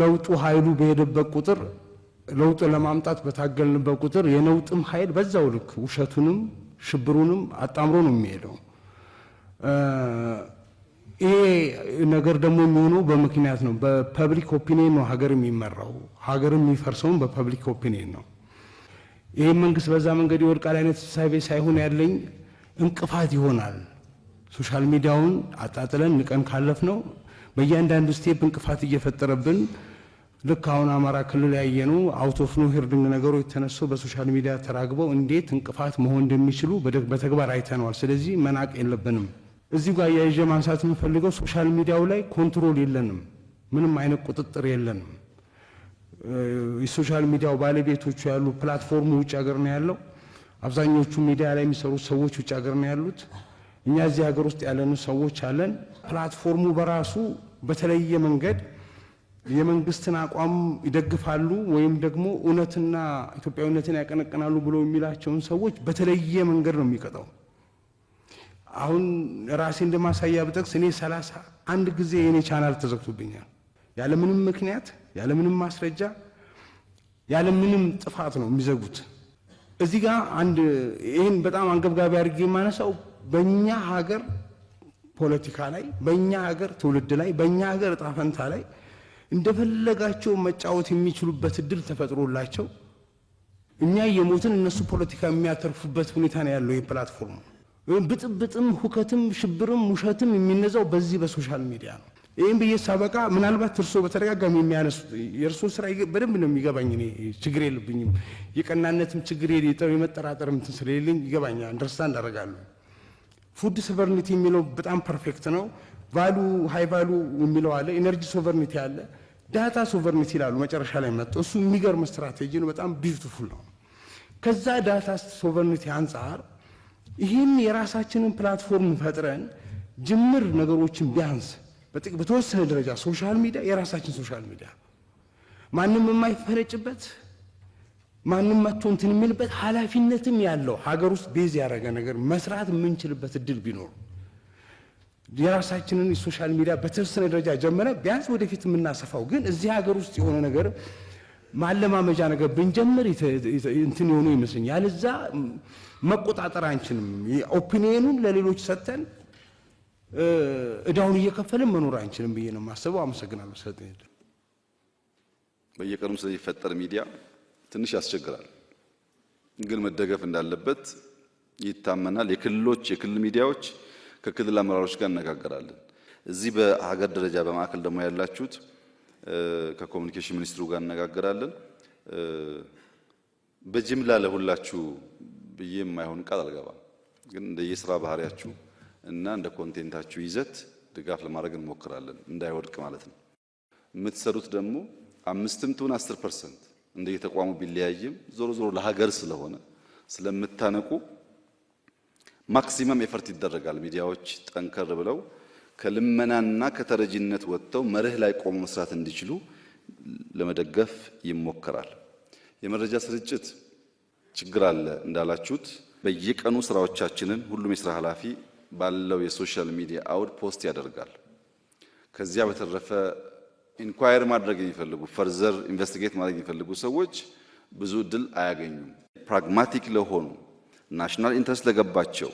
ለውጡ ኃይሉ በሄደበት ቁጥር ለውጡ ለማምጣት በታገልንበት ቁጥር የነውጥም ኃይል በዛው ልክ ውሸቱንም ሽብሩንም አጣምሮ ነው የሚሄደው። ይሄ ነገር ደግሞ የሚሆነው በምክንያት ነው። በፐብሊክ ኦፒኒየን ነው ሀገር የሚመራው። ሀገር የሚፈርሰውም በፐብሊክ ኦፒኒየን ነው። ይህ መንግስት በዛ መንገድ የወድቃል አይነት ሳቤ ሳይሆን ያለኝ እንቅፋት ይሆናል። ሶሻል ሚዲያውን አጣጥለን ንቀን ካለፍ ነው በእያንዳንዱ ስቴፕ እንቅፋት እየፈጠረብን ልክ አሁን አማራ ክልል ያየኑ አውት ኦፍ ኖ ሄርድንግ ነገሮች ተነሱ በሶሻል ሚዲያ ተራግበው እንዴት እንቅፋት መሆን እንደሚችሉ በተግባር አይተነዋል። ስለዚህ መናቅ የለብንም። እዚህ ጋር የያዥ ማንሳት የምፈልገው ሶሻል ሚዲያው ላይ ኮንትሮል የለንም፣ ምንም አይነት ቁጥጥር የለንም። የሶሻል ሚዲያው ባለቤቶቹ ያሉ ፕላትፎርሙ ውጭ ሀገር ነው ያለው። አብዛኞቹ ሚዲያ ላይ የሚሰሩ ሰዎች ውጭ ሀገር ነው ያሉት። እኛ እዚህ ሀገር ውስጥ ያለን ሰዎች አለን። ፕላትፎርሙ በራሱ በተለየ መንገድ የመንግስትን አቋም ይደግፋሉ ወይም ደግሞ እውነትና ኢትዮጵያዊነትን ያቀነቅናሉ ብሎ የሚላቸውን ሰዎች በተለየ መንገድ ነው የሚቀጠው። አሁን ራሴ እንደማሳያ ብጠቅስ እኔ ሰላሳ አንድ ጊዜ የእኔ ቻናል ተዘግቶብኛል። ያለምንም ምክንያት፣ ያለምንም ማስረጃ፣ ያለምንም ጥፋት ነው የሚዘጉት። እዚህ ጋር አንድ ይህን በጣም አንገብጋቢ አድርጌ የማነሳው በእኛ ሀገር ፖለቲካ ላይ በእኛ ሀገር ትውልድ ላይ በእኛ ሀገር እጣ ፈንታ ላይ እንደፈለጋቸው መጫወት የሚችሉበት እድል ተፈጥሮላቸው እኛ የሞትን እነሱ ፖለቲካ የሚያተርፉበት ሁኔታ ነው ያለው። የፕላትፎርሙ ብጥብጥም፣ ሁከትም፣ ሽብርም ውሸትም የሚነዛው በዚህ በሶሻል ሚዲያ ነው። ይህም ብዬ ሳበቃ ምናልባት እርስዎ በተደጋጋሚ የሚያነሱት የእርስዎ ስራ በደንብ ነው የሚገባኝ። እኔ ችግር የለብኝም የቀናነትም ችግር የመጠራጠርም ስለሌለኝ ይገባኛል። አንደርስታንድ አደርጋለሁ። ፉድ ሶቨርኒቲ የሚለው በጣም ፐርፌክት ነው። ቫሉ ሃይ ቫሉ የሚለው አለ፣ ኤነርጂ ሶቨርኒቲ አለ፣ ዳታ ሶቨርኒቲ ይላሉ መጨረሻ ላይ መጥተው። እሱ የሚገርም ስትራቴጂ ነው። በጣም ቢዩቲፉል ነው። ከዛ ዳታ ሶቨርኒቲ አንጻር ይህን የራሳችንን ፕላትፎርም ፈጥረን ጅምር ነገሮችን ቢያንስ በተወሰነ ደረጃ ሶሻል ሚዲያ የራሳችን ሶሻል ሚዲያ ማንም የማይፈረጭበት ማንም መጥቶ እንትን የሚልበት ኃላፊነትም ያለው ሀገር ውስጥ ቤዝ ያደረገ ነገር መስራት የምንችልበት እድል ቢኖር የራሳችንን የሶሻል ሚዲያ በተወሰነ ደረጃ ጀመረ ቢያንስ ወደፊት የምናሰፋው ግን እዚህ ሀገር ውስጥ የሆነ ነገር ማለማመጃ ነገር ብንጀምር እንትን የሆኑ ይመስለኝ ያልዛ መቆጣጠር አንችልም። ኦፒኒየኑን ለሌሎች ሰጥተን እዳውን እየከፈልን መኖር አንችልም ብዬ ነው የማስበው። አመሰግናለሁ። ሰጥ በየቀኑ ስለሚፈጠር ሚዲያ ትንሽ ያስቸግራል፣ ግን መደገፍ እንዳለበት ይታመናል። የክልሎች የክልል ሚዲያዎች ከክልል አመራሮች ጋር እነጋገራለን። እዚህ በሀገር ደረጃ በማዕከል ደግሞ ያላችሁት ከኮሚኒኬሽን ሚኒስትሩ ጋር እነጋገራለን። በጅምላ ለሁላችሁ ብዬ የማይሆን ቃል አልገባም፣ ግን እንደ የስራ ባህሪያችሁ እና እንደ ኮንቴንታችሁ ይዘት ድጋፍ ለማድረግ እንሞክራለን፣ እንዳይወድቅ ማለት ነው። የምትሰሩት ደግሞ አምስትም ትሁን አስር ፐርሰንት እንደየተቋሙ ቢለያይም ዞሮ ዞሮ ለሀገር ስለሆነ ስለምታነቁ ማክሲመም ኤፈርት ይደረጋል። ሚዲያዎች ጠንከር ብለው ከልመናና ከተረጂነት ወጥተው መርህ ላይ ቆሞ መስራት እንዲችሉ ለመደገፍ ይሞከራል። የመረጃ ስርጭት ችግር አለ እንዳላችሁት፣ በየቀኑ ስራዎቻችንን ሁሉም የስራ ኃላፊ ባለው የሶሻል ሚዲያ አውድ ፖስት ያደርጋል። ከዚያ በተረፈ ኢንኳየር ማድረግ የሚፈልጉ ፈርዘር ኢንቨስቲጌት ማድረግ የሚፈልጉ ሰዎች ብዙ እድል አያገኙም። ፕራግማቲክ ለሆኑ ናሽናል ኢንትረስት ለገባቸው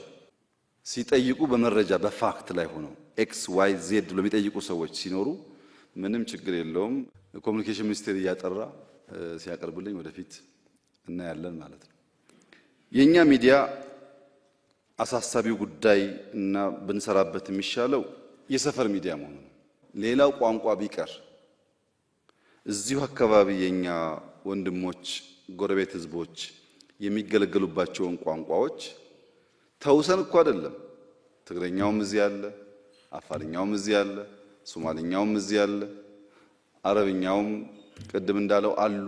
ሲጠይቁ በመረጃ በፋክት ላይ ሆነው ኤክስ ዋይ ዜድ ብሎ የሚጠይቁ ሰዎች ሲኖሩ ምንም ችግር የለውም። ኮሚኒኬሽን ሚኒስቴር እያጠራ ሲያቀርብልኝ ወደፊት እናያለን ማለት ነው። የእኛ ሚዲያ አሳሳቢው ጉዳይ እና ብንሰራበት የሚሻለው የሰፈር ሚዲያ መሆኑ ነው። ሌላው ቋንቋ ቢቀር እዚሁ አካባቢ የኛ ወንድሞች ጎረቤት ህዝቦች የሚገለገሉባቸውን ቋንቋዎች ተውሰን እኮ አይደለም። ትግረኛውም እዚህ አለ፣ አፋርኛውም እዚህ አለ፣ ሶማሊኛውም እዚህ አለ፣ አረብኛውም ቅድም እንዳለው አሉ።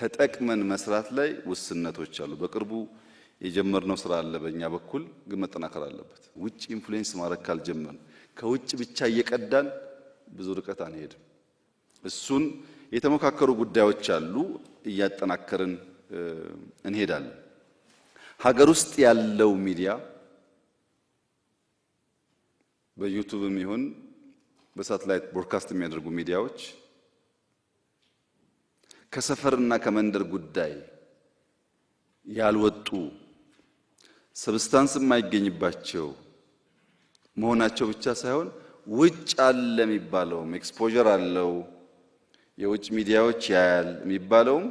ተጠቅመን መስራት ላይ ውስነቶች አሉ። በቅርቡ የጀመርነው ስራ አለ በእኛ በኩል ግን መጠናከር አለበት። ውጭ ኢንፍሉዌንስ ማድረግ ካልጀመርን ከውጭ ብቻ እየቀዳን ብዙ ርቀት አንሄድም። እሱን የተሞካከሩ ጉዳዮች አሉ፣ እያጠናከርን እንሄዳለን። ሀገር ውስጥ ያለው ሚዲያ በዩቱብም ይሁን በሳተላይት ብሮድካስት የሚያደርጉ ሚዲያዎች ከሰፈርና ከመንደር ጉዳይ ያልወጡ ሰብስታንስ የማይገኝባቸው መሆናቸው ብቻ ሳይሆን ውጭ አለ የሚባለውም ኤክስፖዠር አለው የውጭ ሚዲያዎች ያያል የሚባለውም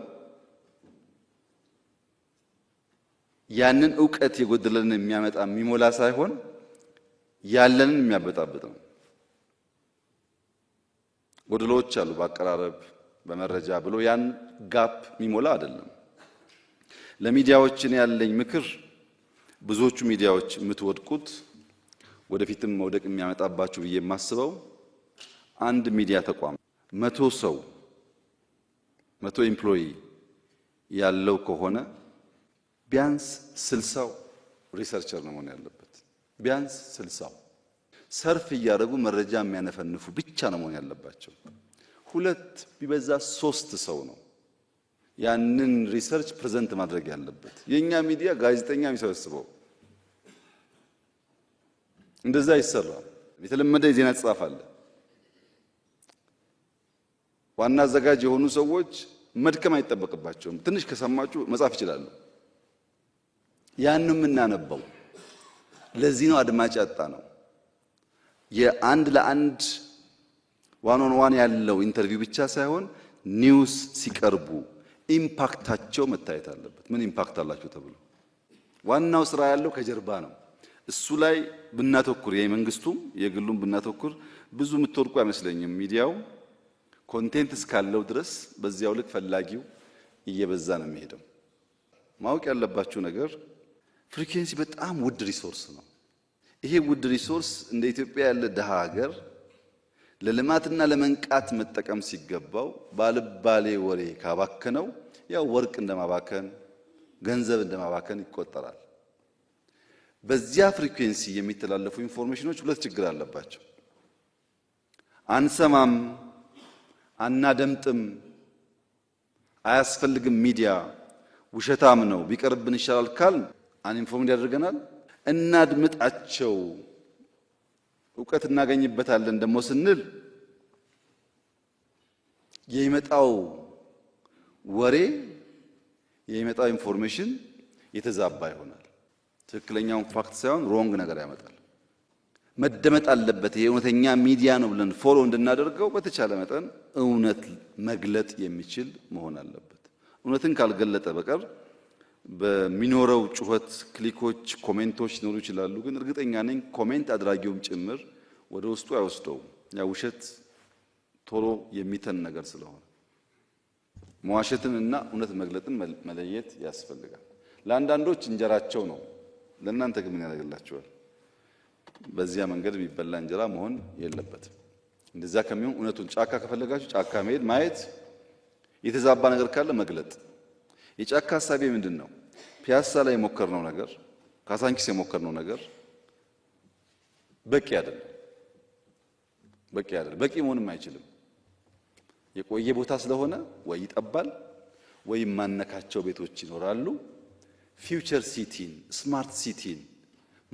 ያንን እውቀት የጎደለንን የሚያመጣ የሚሞላ ሳይሆን ያለንን የሚያበጣብጥ ነው። ጎድሎዎች አሉ፣ በአቀራረብ በመረጃ ብሎ ያን ጋፕ የሚሞላ አይደለም። ለሚዲያዎችን ያለኝ ምክር ብዙዎቹ ሚዲያዎች የምትወድቁት ወደፊትም መውደቅ የሚያመጣባቸው ብዬ የማስበው አንድ ሚዲያ ተቋም መቶ ሰው መቶ ኤምፕሎይ ያለው ከሆነ ቢያንስ ስልሳው ሪሰርቸር ነው መሆን ያለበት። ቢያንስ ስልሳው ሰርፍ እያደረጉ መረጃ የሚያነፈንፉ ብቻ ነው መሆን ያለባቸው። ሁለት ቢበዛ ሶስት ሰው ነው ያንን ሪሰርች ፕሬዘንት ማድረግ ያለበት። የእኛ ሚዲያ ጋዜጠኛ የሚሰበስበው እንደዛ ይሰራ የተለመደ የዜና ጽሑፍ አለ። ዋና አዘጋጅ የሆኑ ሰዎች መድከም አይጠበቅባቸውም። ትንሽ ከሰማችሁ መጻፍ ይችላሉ። ያን የምናነባው ለዚህ ነው። አድማጭ ያጣ ነው። የአንድ ለአንድ ዋን ኦን ዋን ያለው ኢንተርቪው ብቻ ሳይሆን ኒውስ ሲቀርቡ ኢምፓክታቸው መታየት አለበት። ምን ኢምፓክት አላቸው ተብሎ ዋናው ስራ ያለው ከጀርባ ነው። እሱ ላይ ብናተኩር የመንግስቱም የግሉም ብናተኩር ብዙ የምትወርቁ አይመስለኝም ሚዲያው ኮንቴንት እስካለው ድረስ በዚያው ልክ ፈላጊው እየበዛ ነው የሚሄደው። ማወቅ ያለባችሁ ነገር ፍሪኩዌንሲ በጣም ውድ ሪሶርስ ነው። ይሄ ውድ ሪሶርስ እንደ ኢትዮጵያ ያለ ድሃ ሀገር ለልማትና ለመንቃት መጠቀም ሲገባው ባልባሌ ወሬ ካባከነው ያው ወርቅ እንደማባከን ገንዘብ እንደማባከን ይቆጠራል። በዚያ ፍሪኩዌንሲ የሚተላለፉ ኢንፎርሜሽኖች ሁለት ችግር አለባቸው። አንሰማም አናደምጥም፣ አያስፈልግም፣ ሚዲያ ውሸታም ነው፣ ቢቀርብን ይሻላል ካል አንኢንፎርምድ ያደርገናል። እናድምጣቸው፣ እውቀት እናገኝበታለን ደግሞ ስንል የሚመጣው ወሬ የሚመጣው ኢንፎርሜሽን የተዛባ ይሆናል። ትክክለኛውን ፋክት ሳይሆን ሮንግ ነገር ያመጣል። መደመጥ አለበት። ይሄ እውነተኛ ሚዲያ ነው ብለን ፎሎ እንድናደርገው በተቻለ መጠን እውነት መግለጥ የሚችል መሆን አለበት። እውነትን ካልገለጠ በቀር በሚኖረው ጩኸት፣ ክሊኮች፣ ኮሜንቶች ሊኖሩ ይችላሉ። ግን እርግጠኛ ነኝ ኮሜንት አድራጊውም ጭምር ወደ ውስጡ አይወስደውም። ያ ውሸት ቶሎ የሚተን ነገር ስለሆነ መዋሸትንና እውነት መግለጥን መለየት ያስፈልጋል። ለአንዳንዶች እንጀራቸው ነው፣ ለእናንተ ግን ምን ያደርግላቸዋል? በዚያ መንገድ የሚበላ እንጀራ መሆን የለበትም። እንደዛ ከሚሆን እውነቱን ጫካ ከፈለጋችሁ ጫካ መሄድ ማየት፣ የተዛባ ነገር ካለ መግለጥ። የጫካ ሀሳቤ ምንድን ነው? ፒያሳ ላይ የሞከርነው ነገር፣ ካሳንኪስ የሞከርነው ነገር በቂ አይደለም። በቂ አይደለም። በቂ መሆንም አይችልም። የቆየ ቦታ ስለሆነ ወይ ይጠባል፣ ወይ ማነካቸው ቤቶች ይኖራሉ። ፊውቸር ሲቲን ስማርት ሲቲን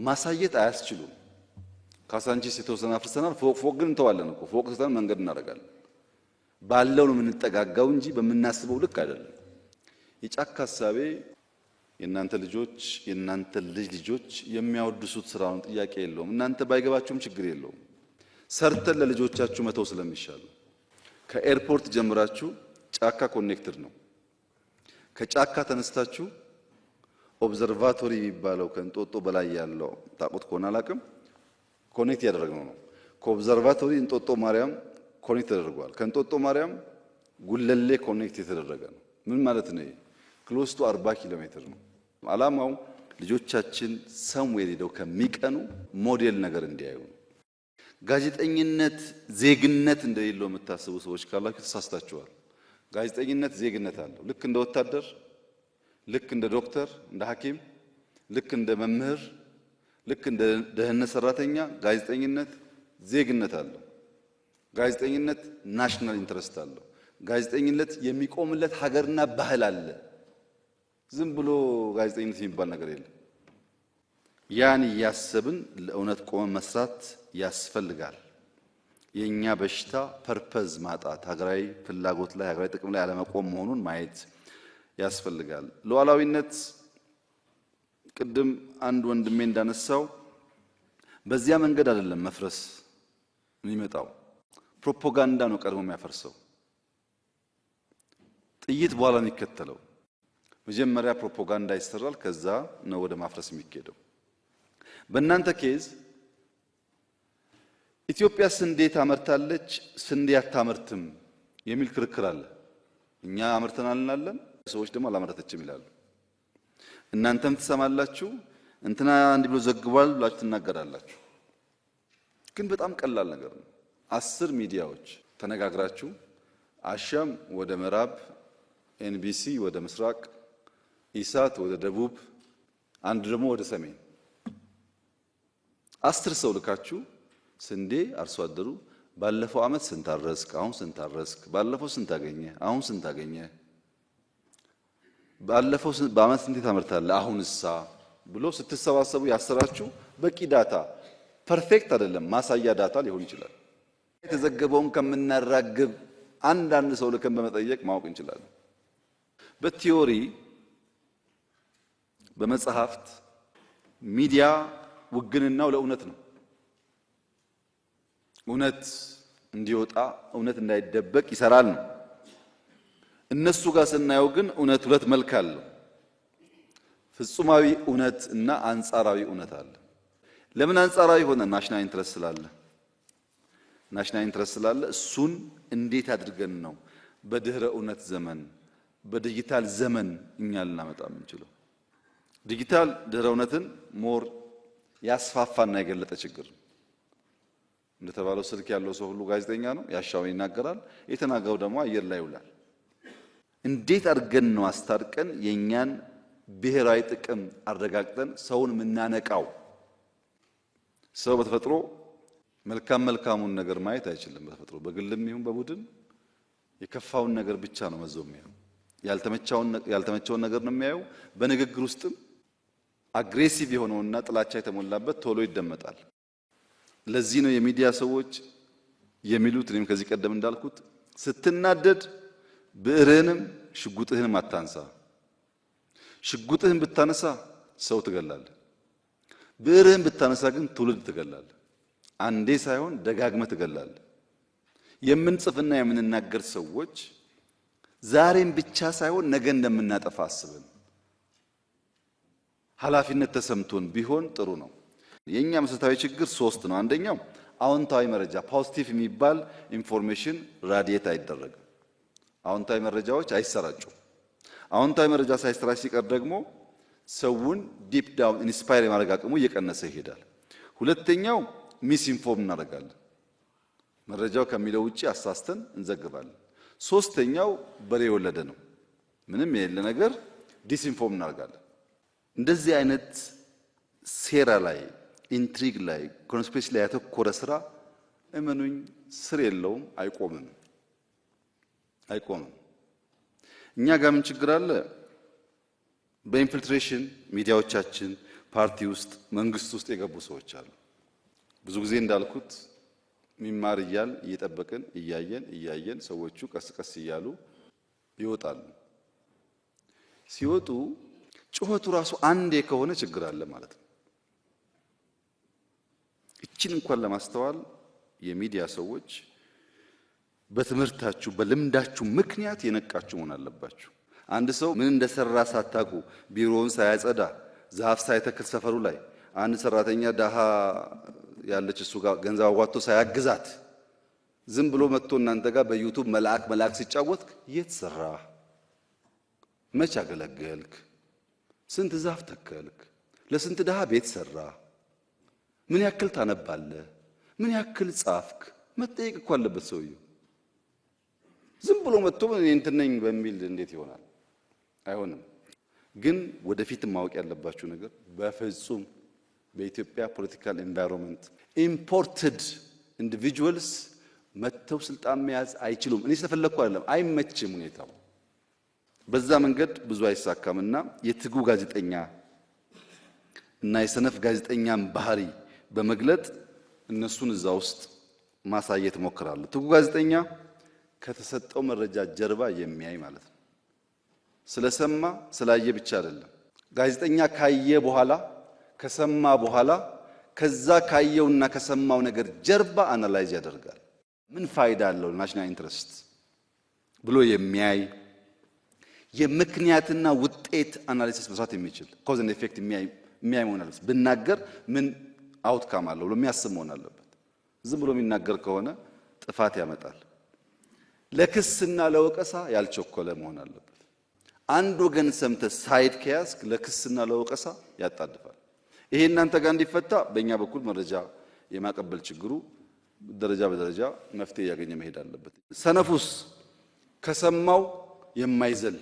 ማሳየት አያስችሉም። ካሳንቺስ የተወሰነ አፍርሰናል። ፎቅ ፎቅ ግን እንተዋለን እኮ ፎቅ ስተን መንገድ እናደርጋለን። ባለው ነው የምንጠጋጋው እንጂ በምናስበው ልክ አይደለም። የጫካ ሀሳቤ የእናንተ ልጆች የእናንተ ልጅ ልጆች የሚያወድሱት ስራውን ጥያቄ የለውም። እናንተ ባይገባችሁም ችግር የለውም። ሰርተን ለልጆቻችሁ መተው ስለሚሻሉ ከኤርፖርት ጀምራችሁ ጫካ ኮኔክትድ ነው። ከጫካ ተነስታችሁ ኦብዘርቫቶሪ የሚባለው ከእንጦጦ በላይ ያለው ታውቁት ከሆነ አላቅም ኮኔክት እያደረግነው ነው። ከኦብዘርቫቶሪ እንጦጦ ማርያም ኮኔክት ተደርጓል። ከእንጦጦ ማርያም ጉለሌ ኮኔክት የተደረገ ነው። ምን ማለት ነው? ክሎዝ ቱ 40 ኪሎ ሜትር ነው። አላማው ልጆቻችን ሰምዌር ሄደው ከሚቀኑ ሞዴል ነገር እንዲያዩ ነው። ጋዜጠኝነት ዜግነት እንደሌለው የምታስቡ ሰዎች ካላችሁ ተሳስታችኋል። ጋዜጠኝነት ዜግነት አለው። ልክ እንደ ወታደር፣ ልክ እንደ ዶክተር፣ እንደ ሐኪም፣ ልክ እንደ መምህር ልክ እንደ ደህንነት ሰራተኛ ጋዜጠኝነት ዜግነት አለው። ጋዜጠኝነት ናሽናል ኢንትረስት አለው። ጋዜጠኝነት የሚቆምለት ሀገርና ባህል አለ። ዝም ብሎ ጋዜጠኝነት የሚባል ነገር የለም። ያን እያሰብን ለእውነት ቆመን መስራት ያስፈልጋል። የእኛ በሽታ ፐርፐዝ ማጣት፣ ሀገራዊ ፍላጎት ላይ ሀገራዊ ጥቅም ላይ አለመቆም መሆኑን ማየት ያስፈልጋል። ሉዓላዊነት ቅድም አንድ ወንድሜ እንዳነሳው በዚያ መንገድ አይደለም መፍረስ የሚመጣው፣ ፕሮፓጋንዳ ነው ቀድሞ የሚያፈርሰው። ጥይት በኋላ የሚከተለው መጀመሪያ ፕሮፓጋንዳ ይሰራል፣ ከዛ ነው ወደ ማፍረስ የሚካሄደው። በእናንተ ኬዝ ኢትዮጵያ ስንዴ ታመርታለች፣ ስንዴ አታመርትም የሚል ክርክር አለ። እኛ አምርተናል ሰዎች ደግሞ አላመረተችም ይላሉ። እናንተም ትሰማላችሁ። እንትና አንድ ብሎ ዘግቧል ብላችሁ ትናገራላችሁ። ግን በጣም ቀላል ነገር ነው። አስር ሚዲያዎች ተነጋግራችሁ አሻም ወደ ምዕራብ፣ ኤንቢሲ ወደ ምስራቅ፣ ኢሳት ወደ ደቡብ፣ አንድ ደግሞ ወደ ሰሜን አስር ሰው ልካችሁ ስንዴ አርሶ አደሩ ባለፈው ዓመት ስንታረስክ አሁን ስንታረስክ ባለፈው ስንታገኘ አሁን ስንታገኘ ባለፈው በአመት ስንት ታመርታለ አሁን እሳ ብሎ ስትሰባሰቡ ያሰራችሁ በቂ ዳታ ፐርፌክት አይደለም፣ ማሳያ ዳታ ሊሆን ይችላል። የተዘገበውን ከምናራግብ አንዳንድ ሰው ልከን በመጠየቅ ማወቅ እንችላለን። በቲዮሪ በመጽሐፍት ሚዲያ ውግንናው ለእውነት ነው። እውነት እንዲወጣ እውነት እንዳይደበቅ ይሰራል ነው እነሱ ጋር ስናየው ግን እውነት ሁለት መልክ አለው። ፍጹማዊ እውነት እና አንጻራዊ እውነት አለ። ለምን አንጻራዊ ሆነ? ናሽናል ኢንትረስት ስላለ ናሽናል ኢንትረስት ስላለ እሱን እንዴት አድርገን ነው በድህረ እውነት ዘመን በዲጂታል ዘመን እኛ ልናመጣ የምንችለው? ዲጂታል ድህረ እውነትን ሞር ያስፋፋና የገለጠ ችግር እንደተባለው ስልክ ያለው ሰው ሁሉ ጋዜጠኛ ነው፣ ያሻውን ይናገራል፣ የተናገረው ደግሞ አየር ላይ ይውላል። እንዴት አድርገን ነው አስታርቀን የእኛን ብሔራዊ ጥቅም አረጋግጠን ሰውን የምናነቃው? ሰው በተፈጥሮ መልካም መልካሙን ነገር ማየት አይችልም። በተፈጥሮ በግልም ይሁን በቡድን የከፋውን ነገር ብቻ ነው መዞ የሚያየው። ያልተመቸውን ነገር ነው የሚያየው። በንግግር ውስጥም አግሬሲቭ የሆነውና ጥላቻ የተሞላበት ቶሎ ይደመጣል። ለዚህ ነው የሚዲያ ሰዎች የሚሉት እኔም ከዚህ ቀደም እንዳልኩት ስትናደድ ብዕርህንም ሽጉጥህንም አታንሳ። ሽጉጥህን ብታነሳ ሰው ትገላለህ። ብዕርህን ብታነሳ ግን ትውልድ ትገላለህ። አንዴ ሳይሆን ደጋግመህ ትገላለህ። የምንጽፍና የምንናገር ሰዎች ዛሬን ብቻ ሳይሆን ነገ እንደምናጠፋ አስብን ኃላፊነት ተሰምቶን ቢሆን ጥሩ ነው። የእኛ መሰረታዊ ችግር ሶስት ነው። አንደኛው አዎንታዊ መረጃ ፖዚቲቭ የሚባል ኢንፎርሜሽን ራዲየት አይደረግም። አዎንታዊ መረጃዎች አይሰራጩም። አዎንታዊ መረጃ ሳይሰራጭ ሲቀር ደግሞ ሰውን ዲፕ ዳውን ኢንስፓየር የማድረግ አቅሙ እየቀነሰ ይሄዳል። ሁለተኛው ሚስ ኢንፎርም እናደርጋለን። መረጃው ከሚለው ውጭ አሳስተን እንዘግባለን። ሶስተኛው በሬ የወለደ ነው። ምንም የሌለ ነገር ዲስኢንፎርም እናደርጋለን። እንደዚህ አይነት ሴራ ላይ፣ ኢንትሪግ ላይ፣ ኮንስፔሲ ላይ ያተኮረ ስራ እመኑኝ ስር የለውም፣ አይቆምም። አይቆምም። እኛ ጋር ምን ችግር አለ? በኢንፊልትሬሽን ሚዲያዎቻችን፣ ፓርቲ ውስጥ፣ መንግስት ውስጥ የገቡ ሰዎች አሉ። ብዙ ጊዜ እንዳልኩት ሚማር እያል እየጠበቅን እያየን እያየን ሰዎቹ ቀስ ቀስ እያሉ ይወጣሉ። ሲወጡ ጩኸቱ ራሱ አንዴ ከሆነ ችግር አለ ማለት ነው። እችን እንኳን ለማስተዋል የሚዲያ ሰዎች በትምህርታችሁ በልምዳችሁ ምክንያት የነቃችሁ መሆን አለባችሁ። አንድ ሰው ምን እንደሰራ ሳታውቁ ቢሮውን ሳያጸዳ ዛፍ ሳይተክል ሰፈሩ ላይ አንድ ሰራተኛ ደሃ ያለች እሱ ጋር ገንዘብ አዋጥቶ ሳያግዛት ዝም ብሎ መጥቶ እናንተ ጋር በዩቱብ መልአክ መልአክ ሲጫወት የት ሰራ? መች አገለገልክ? ስንት ዛፍ ተከልክ? ለስንት ደሃ ቤት ሰራ? ምን ያክል ታነባለህ? ምን ያክል ጻፍክ? መጠየቅ እኮ አለበት ሰውየው። ዝም ብሎ መጥቶ እንትን ነኝ በሚል እንዴት ይሆናል? አይሆንም። ግን ወደፊት ማወቅ ያለባችሁ ነገር በፍጹም በኢትዮጵያ ፖለቲካል ኤንቫይሮንመንት ኢምፖርትድ ኢንዲቪጁዋልስ መጥተው ስልጣን መያዝ አይችሉም። እኔ ስለፈለግኩ አይደለም፣ አይመችም ሁኔታው። በዛ መንገድ ብዙ አይሳካም እና የትጉ ጋዜጠኛ እና የሰነፍ ጋዜጠኛን ባህሪ በመግለጥ እነሱን እዛ ውስጥ ማሳየት እሞክራለሁ። ትጉ ጋዜጠኛ ከተሰጠው መረጃ ጀርባ የሚያይ ማለት ነው። ስለሰማ ስላየ ብቻ አይደለም። ጋዜጠኛ ካየ በኋላ ከሰማ በኋላ ከዛ ካየውና ከሰማው ነገር ጀርባ አናላይዝ ያደርጋል። ምን ፋይዳ አለው ናሽናል ኢንትረስት ብሎ የሚያይ የምክንያትና ውጤት አናሊሲስ መስራት የሚችል ኮዝ ኤንድ ኤፌክት የሚያይ መሆን አለበት። ብናገር ምን አውትካም አለው ብሎ የሚያስብ መሆን አለበት። ዝም ብሎ የሚናገር ከሆነ ጥፋት ያመጣል። ለክስና ለወቀሳ ያልቸኮለ መሆን አለበት። አንድ ወገን ሰምተ ሳይድ ከያዝክ ለክስና ለወቀሳ ያጣድፋል። ይሄ እናንተ ጋር እንዲፈታ በእኛ በኩል መረጃ የማቀበል ችግሩ ደረጃ በደረጃ መፍትሄ እያገኘ መሄድ አለበት። ሰነፉስ ከሰማው የማይዘል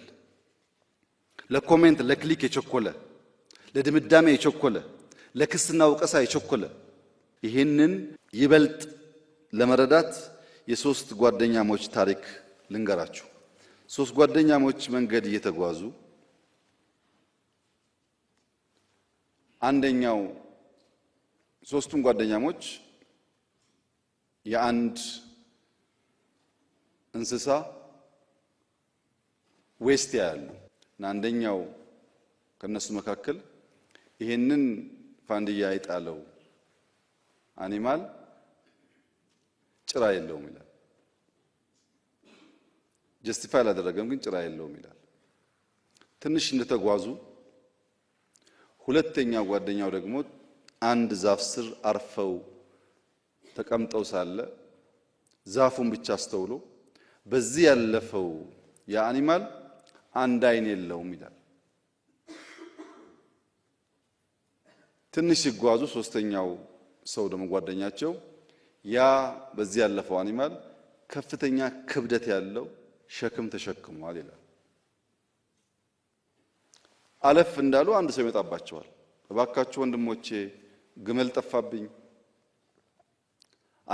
ለኮሜንት ለክሊክ የቸኮለ ለድምዳሜ የቸኮለ ለክስና ወቀሳ የቸኮለ ይህንን ይበልጥ ለመረዳት የሶስት ጓደኛሞች ታሪክ ልንገራችሁ። ሶስት ጓደኛሞች መንገድ እየተጓዙ አንደኛው ሶስቱም ጓደኛሞች የአንድ እንስሳ ዌስት ያያሉ እና አንደኛው ከነሱ መካከል ይሄንን ፋንድያ የጣለው አኒማል ጭራ የለውም ይላል። ጀስቲፋይ አላደረገም፣ ግን ጭራ የለውም ይላል። ትንሽ እንደተጓዙ ሁለተኛ ጓደኛው ደግሞ አንድ ዛፍ ስር አርፈው ተቀምጠው ሳለ ዛፉን ብቻ አስተውሎ በዚህ ያለፈው የአኒማል አንድ አይን የለውም ይላል። ትንሽ ሲጓዙ ሶስተኛው ሰው ደግሞ ጓደኛቸው ያ በዚህ ያለፈው አኒማል ከፍተኛ ክብደት ያለው ሸክም ተሸክሟል ይላል። አለፍ እንዳሉ አንድ ሰው ይመጣባቸዋል። እባካችሁ ወንድሞቼ ግመል ጠፋብኝ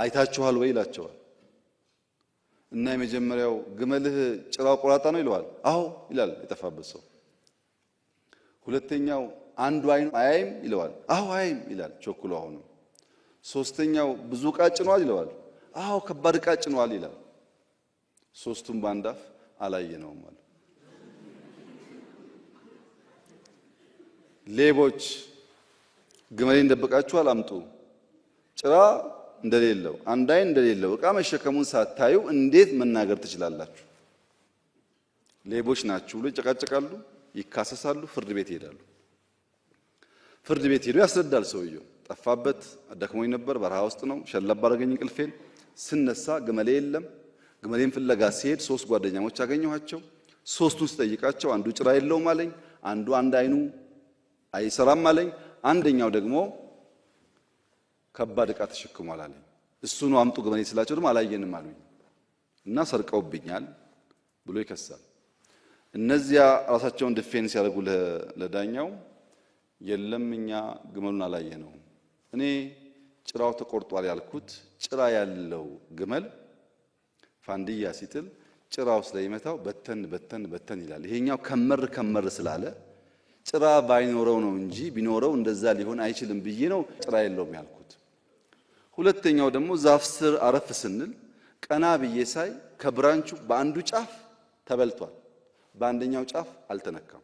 አይታችኋል ወይ ይላቸዋል። እና የመጀመሪያው ግመልህ ጭራው ቆራጣ ነው ይለዋል። አዎ ይላል የጠፋበት ሰው። ሁለተኛው አንዱ አይኑ አያይም ይለዋል። አዎ አያይም ይላል ቸኩሎ አሁንም ሶስተኛው ብዙ ዕቃ ጭኗል ይለዋል። አዎ ከባድ ዕቃ ጭኗል ይላል። ሶስቱም ባንዳፍ አላየነውም አሉ። ሌቦች ግመሌን ደብቃችሁ አላምጡ፣ ጭራ እንደሌለው አንድ እንደሌለው እቃ መሸከሙን ሳታዩ እንዴት መናገር ትችላላችሁ? ሌቦች ናችሁ ብሎ ይጨቃጨቃሉ፣ ይካሰሳሉ፣ ፍርድ ቤት ይሄዳሉ። ፍርድ ቤት ሄዶ ያስረዳል ሰውየው ጠፋበት፣ ደክሞኝ ነበር፣ በረሃ ውስጥ ነው። ሸለብ አደረገኝ እንቅልፌን። ስነሳ ግመሌ የለም። ግመሌን ፍለጋ ሲሄድ ሶስት ጓደኛሞች አገኘኋቸው። ሶስቱን ስጠይቃቸው አንዱ ጭራ የለውም አለኝ፣ አንዱ አንድ አይኑ አይሰራም አለኝ፣ አንደኛው ደግሞ ከባድ ዕቃ ተሸክሟል አለኝ። እሱኑ አምጡ ግመሌ ስላቸው ደግሞ አላየንም አሉኝ እና ሰርቀውብኛል ብሎ ይከሳል። እነዚያ ራሳቸውን ድፌን ሲያደርጉ ለዳኛው የለም እኛ ግመሉን አላየ ነው እኔ ጭራው ተቆርጧል ያልኩት ጭራ ያለው ግመል ፋንድያ ሲጥል ጭራው ስለይመታው በተን በተን በተን ይላል። ይሄኛው ከመር ከመር ስላለ ጭራ ባይኖረው ነው እንጂ ቢኖረው እንደዛ ሊሆን አይችልም ብዬ ነው ጭራ የለውም ያልኩት። ሁለተኛው ደግሞ ዛፍ ስር አረፍ ስንል ቀና ብዬ ሳይ ከብራንቹ በአንዱ ጫፍ ተበልቷል፣ በአንደኛው ጫፍ አልተነካም።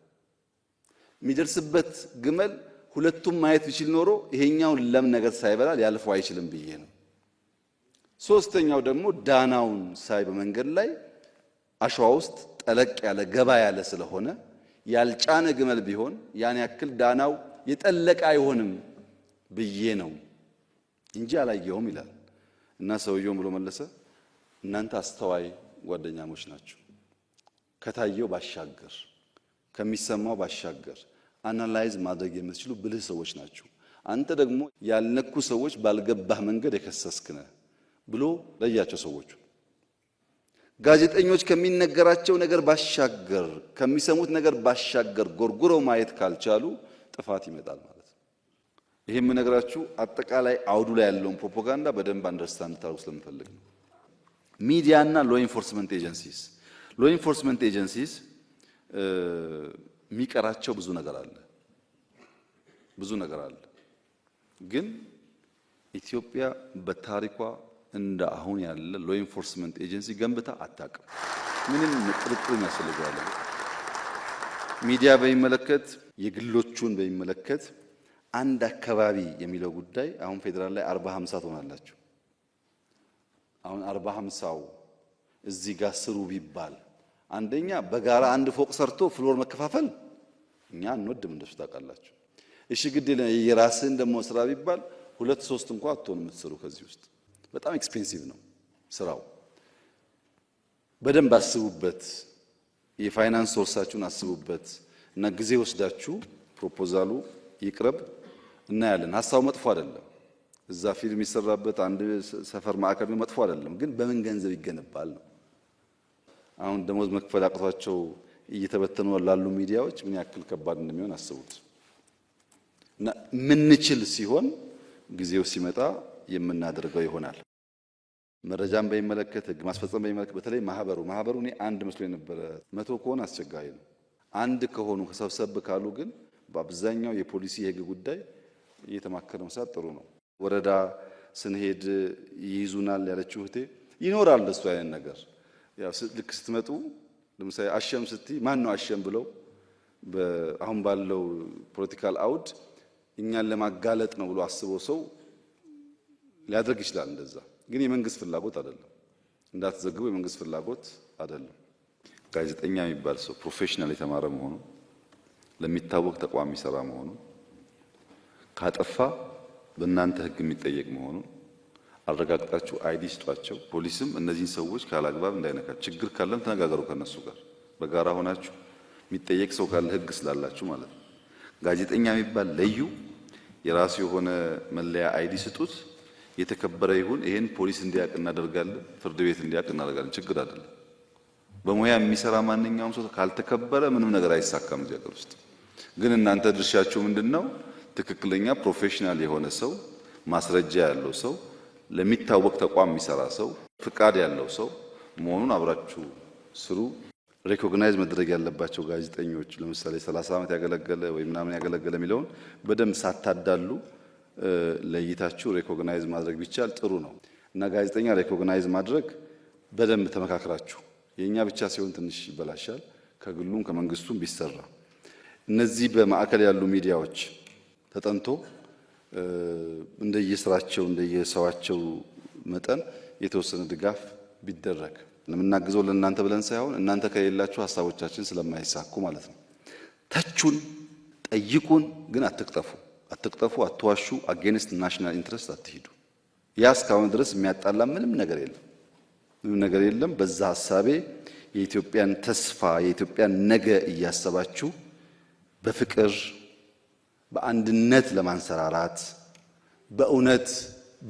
የሚደርስበት ግመል ሁለቱም ማየት ቢችል ኖሮ ይሄኛውን ለም ነገር ሳይበላል ሊያልፈው አይችልም ብዬ ነው። ሶስተኛው ደግሞ ዳናውን ሳይ በመንገድ ላይ አሸዋ ውስጥ ጠለቅ ያለ ገባ ያለ ስለሆነ ያልጫነ ግመል ቢሆን ያን ያክል ዳናው የጠለቀ አይሆንም ብዬ ነው እንጂ አላየውም ይላል እና ሰውየውም ብሎ መለሰ፣ እናንተ አስተዋይ ጓደኛሞች ናችሁ። ከታየው ባሻገር ከሚሰማው ባሻገር አናላይዝ ማድረግ የምትችሉ ብልህ ሰዎች ናቸው። አንተ ደግሞ ያልነኩ ሰዎች ባልገባህ መንገድ የከሰስክ ብሎ ለያቸው። ሰዎቹ ጋዜጠኞች ከሚነገራቸው ነገር ባሻገር ከሚሰሙት ነገር ባሻገር ጎርጉረው ማየት ካልቻሉ ጥፋት ይመጣል ማለት ነው። ይህ የምነግራችሁ አጠቃላይ አውዱ ላይ ያለውን ፕሮፓጋንዳ በደንብ አንደርስታንድ ታርጉ ስለምፈልግ ነው። ሚዲያ እና ሎ ኢንፎርስመንት ኤጀንሲስ ሎ ኢንፎርስመንት ኤጀንሲስ የሚቀራቸው ብዙ ነገር አለ፣ ብዙ ነገር አለ። ግን ኢትዮጵያ በታሪኳ እንደ አሁን ያለ ሎ ኢንፎርስመንት ኤጀንሲ ገንብታ አታውቅም። ምንም ጥርጥር ያስፈልገዋል። ሚዲያ በሚመለከት የግሎቹን በሚመለከት አንድ አካባቢ የሚለው ጉዳይ አሁን ፌዴራል ላይ አርባ ሀምሳ ትሆናላችሁ። አሁን አርባ ሀምሳው እዚህ ጋር ስሩ ቢባል አንደኛ በጋራ አንድ ፎቅ ሰርቶ ፍሎር መከፋፈል እኛ እንወድም፣ እንደሱ ታውቃላችሁ። እሺ ግድ የራስህን ደግሞ ስራ ቢባል ሁለት ሶስት እንኳ አትሆን የምትሰሩ ከዚህ ውስጥ በጣም ኤክስፔንሲቭ ነው ስራው። በደንብ አስቡበት፣ የፋይናንስ ሶርሳችሁን አስቡበት እና ጊዜ ወስዳችሁ ፕሮፖዛሉ ይቅረብ እና ያለን ሀሳቡ መጥፎ አይደለም። እዛ ፊልም ይሰራበት አንድ ሰፈር ማዕከል መጥፎ አይደለም፣ ግን በምን ገንዘብ ይገነባል ነው አሁን ደሞዝ መክፈል አቅቷቸው እየተበተኑ ላሉ ሚዲያዎች ምን ያክል ከባድ እንደሚሆን አስቡት። እና ምንችል ሲሆን ጊዜው ሲመጣ የምናደርገው ይሆናል። መረጃን በሚመለከት ህግ ማስፈጸም በሚመለከት በተለይ ማህበሩ ማህበሩ እኔ አንድ መስሎ የነበረ መቶ ከሆነ አስቸጋሪ ነው። አንድ ከሆኑ ሰብሰብ ካሉ ግን በአብዛኛው የፖሊሲ የህግ ጉዳይ እየተማከረ መስራት ጥሩ ነው። ወረዳ ስንሄድ ይይዙናል ያለችው እህቴ ይኖራል እሱ አይነት ነገር ያው ልክ ስትመጡ ለምሳሌ አሸም ስትይ ማን ነው አሸም ብለው አሁን ባለው ፖለቲካል አውድ እኛን ለማጋለጥ ነው ብሎ አስበው ሰው ሊያደርግ ይችላል። እንደዛ ግን የመንግስት ፍላጎት አይደለም፣ እንዳትዘግቡ የመንግስት ፍላጎት አይደለም። ጋዜጠኛ የሚባል ሰው ፕሮፌሽናል የተማረ መሆኑ ለሚታወቅ ተቋም የሚሰራ መሆኑ ካጠፋ በእናንተ ሕግ የሚጠየቅ መሆኑን አረጋግጣችሁ አይዲ ስጧቸው። ፖሊስም እነዚህን ሰዎች ካላግባብ እንዳይነካ፣ ችግር ካለም ተነጋገሩ ከነሱ ጋር በጋራ ሆናችሁ የሚጠየቅ ሰው ካለ ህግ ስላላችሁ ማለት ነው። ጋዜጠኛ የሚባል ለዩ፣ የራሱ የሆነ መለያ አይዲ ስጡት፣ የተከበረ ይሁን። ይሄን ፖሊስ እንዲያውቅ እናደርጋለን፣ ፍርድ ቤት እንዲያውቅ እናደርጋለን። ችግር አይደለም። በሙያ የሚሰራ ማንኛውም ሰው ካልተከበረ ምንም ነገር አይሳካም እዚህ ሀገር ውስጥ። ግን እናንተ ድርሻችሁ ምንድን ነው? ትክክለኛ ፕሮፌሽናል የሆነ ሰው ማስረጃ ያለው ሰው ለሚታወቅ ተቋም የሚሰራ ሰው ፍቃድ ያለው ሰው መሆኑን አብራችሁ ስሩ። ሬኮግናይዝ መድረግ ያለባቸው ጋዜጠኞች ለምሳሌ 30 ዓመት ያገለገለ ወይ ምናምን ያገለገለ የሚለውን በደንብ ሳታዳሉ ለይታችሁ ሬኮግናይዝ ማድረግ ቢቻል ጥሩ ነው እና ጋዜጠኛ ሬኮግናይዝ ማድረግ በደንብ ተመካክራችሁ የእኛ ብቻ ሲሆን ትንሽ ይበላሻል። ከግሉም ከመንግስቱም ቢሰራ እነዚህ በማዕከል ያሉ ሚዲያዎች ተጠንቶ እንደየስራቸው እንደየሰዋቸው መጠን የተወሰነ ድጋፍ ቢደረግ የምናግዘው ለእናንተ ብለን ሳይሆን እናንተ ከሌላችሁ ሀሳቦቻችን ስለማይሳኩ ማለት ነው። ተቹን፣ ጠይቁን፣ ግን አትቅጠፉ፣ አትቅጠፉ፣ አትዋሹ። አጌንስት ናሽናል ኢንትረስት አትሂዱ። ያ እስካሁን ድረስ የሚያጣላ ምንም ነገር የለም፣ ምንም ነገር የለም። በዛ ሀሳቤ የኢትዮጵያን ተስፋ የኢትዮጵያን ነገ እያሰባችሁ በፍቅር በአንድነት ለማንሰራራት በእውነት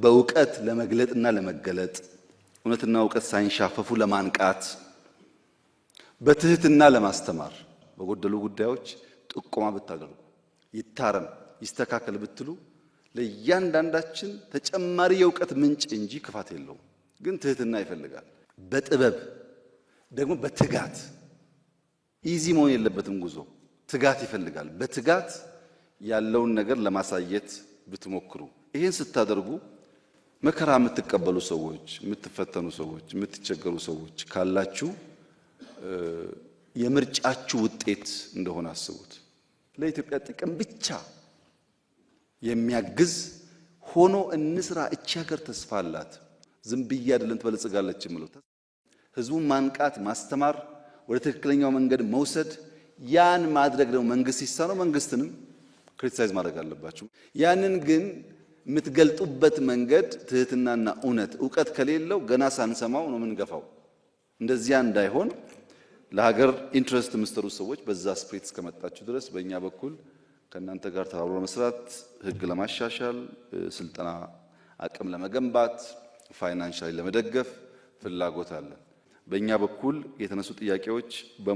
በእውቀት ለመግለጥና ለመገለጥ እውነትና እውቀት ሳይንሻፈፉ ለማንቃት በትህትና ለማስተማር በጎደሉ ጉዳዮች ጥቆማ ብታደርጉ ይታረም ይስተካከል ብትሉ ለእያንዳንዳችን ተጨማሪ የእውቀት ምንጭ እንጂ ክፋት የለውም። ግን ትህትና ይፈልጋል። በጥበብ ደግሞ በትጋት ኢዚ መሆን የለበትም ጉዞ ትጋት ይፈልጋል። በትጋት ያለውን ነገር ለማሳየት ብትሞክሩ። ይህን ስታደርጉ መከራ የምትቀበሉ ሰዎች፣ የምትፈተኑ ሰዎች፣ የምትቸገሩ ሰዎች ካላችሁ የምርጫችሁ ውጤት እንደሆነ አስቡት። ለኢትዮጵያ ጥቅም ብቻ የሚያግዝ ሆኖ እንስራ። እቺ ሀገር ተስፋ አላት። ዝም ብዬ አይደለም ትበለጽጋለች የምለው። ህዝቡን ማንቃት፣ ማስተማር፣ ወደ ትክክለኛው መንገድ መውሰድ፣ ያን ማድረግ ደግሞ መንግስት ሲሳነው መንግስትንም ክሪቲሳይዝ ማድረግ አለባችሁ። ያንን ግን የምትገልጡበት መንገድ ትህትናና እውነት እውቀት ከሌለው ገና ሳንሰማው ነው የምንገፋው። እንደዚያ እንዳይሆን ለሀገር ኢንትረስት ምስተሩ ሰዎች በዛ ስፕሪት እስከመጣችሁ ድረስ በእኛ በኩል ከእናንተ ጋር ተባብሮ መስራት፣ ህግ ለማሻሻል፣ ስልጠና አቅም ለመገንባት፣ ፋይናንሻሊ ለመደገፍ ፍላጎት አለን። በእኛ በኩል የተነሱ ጥያቄዎች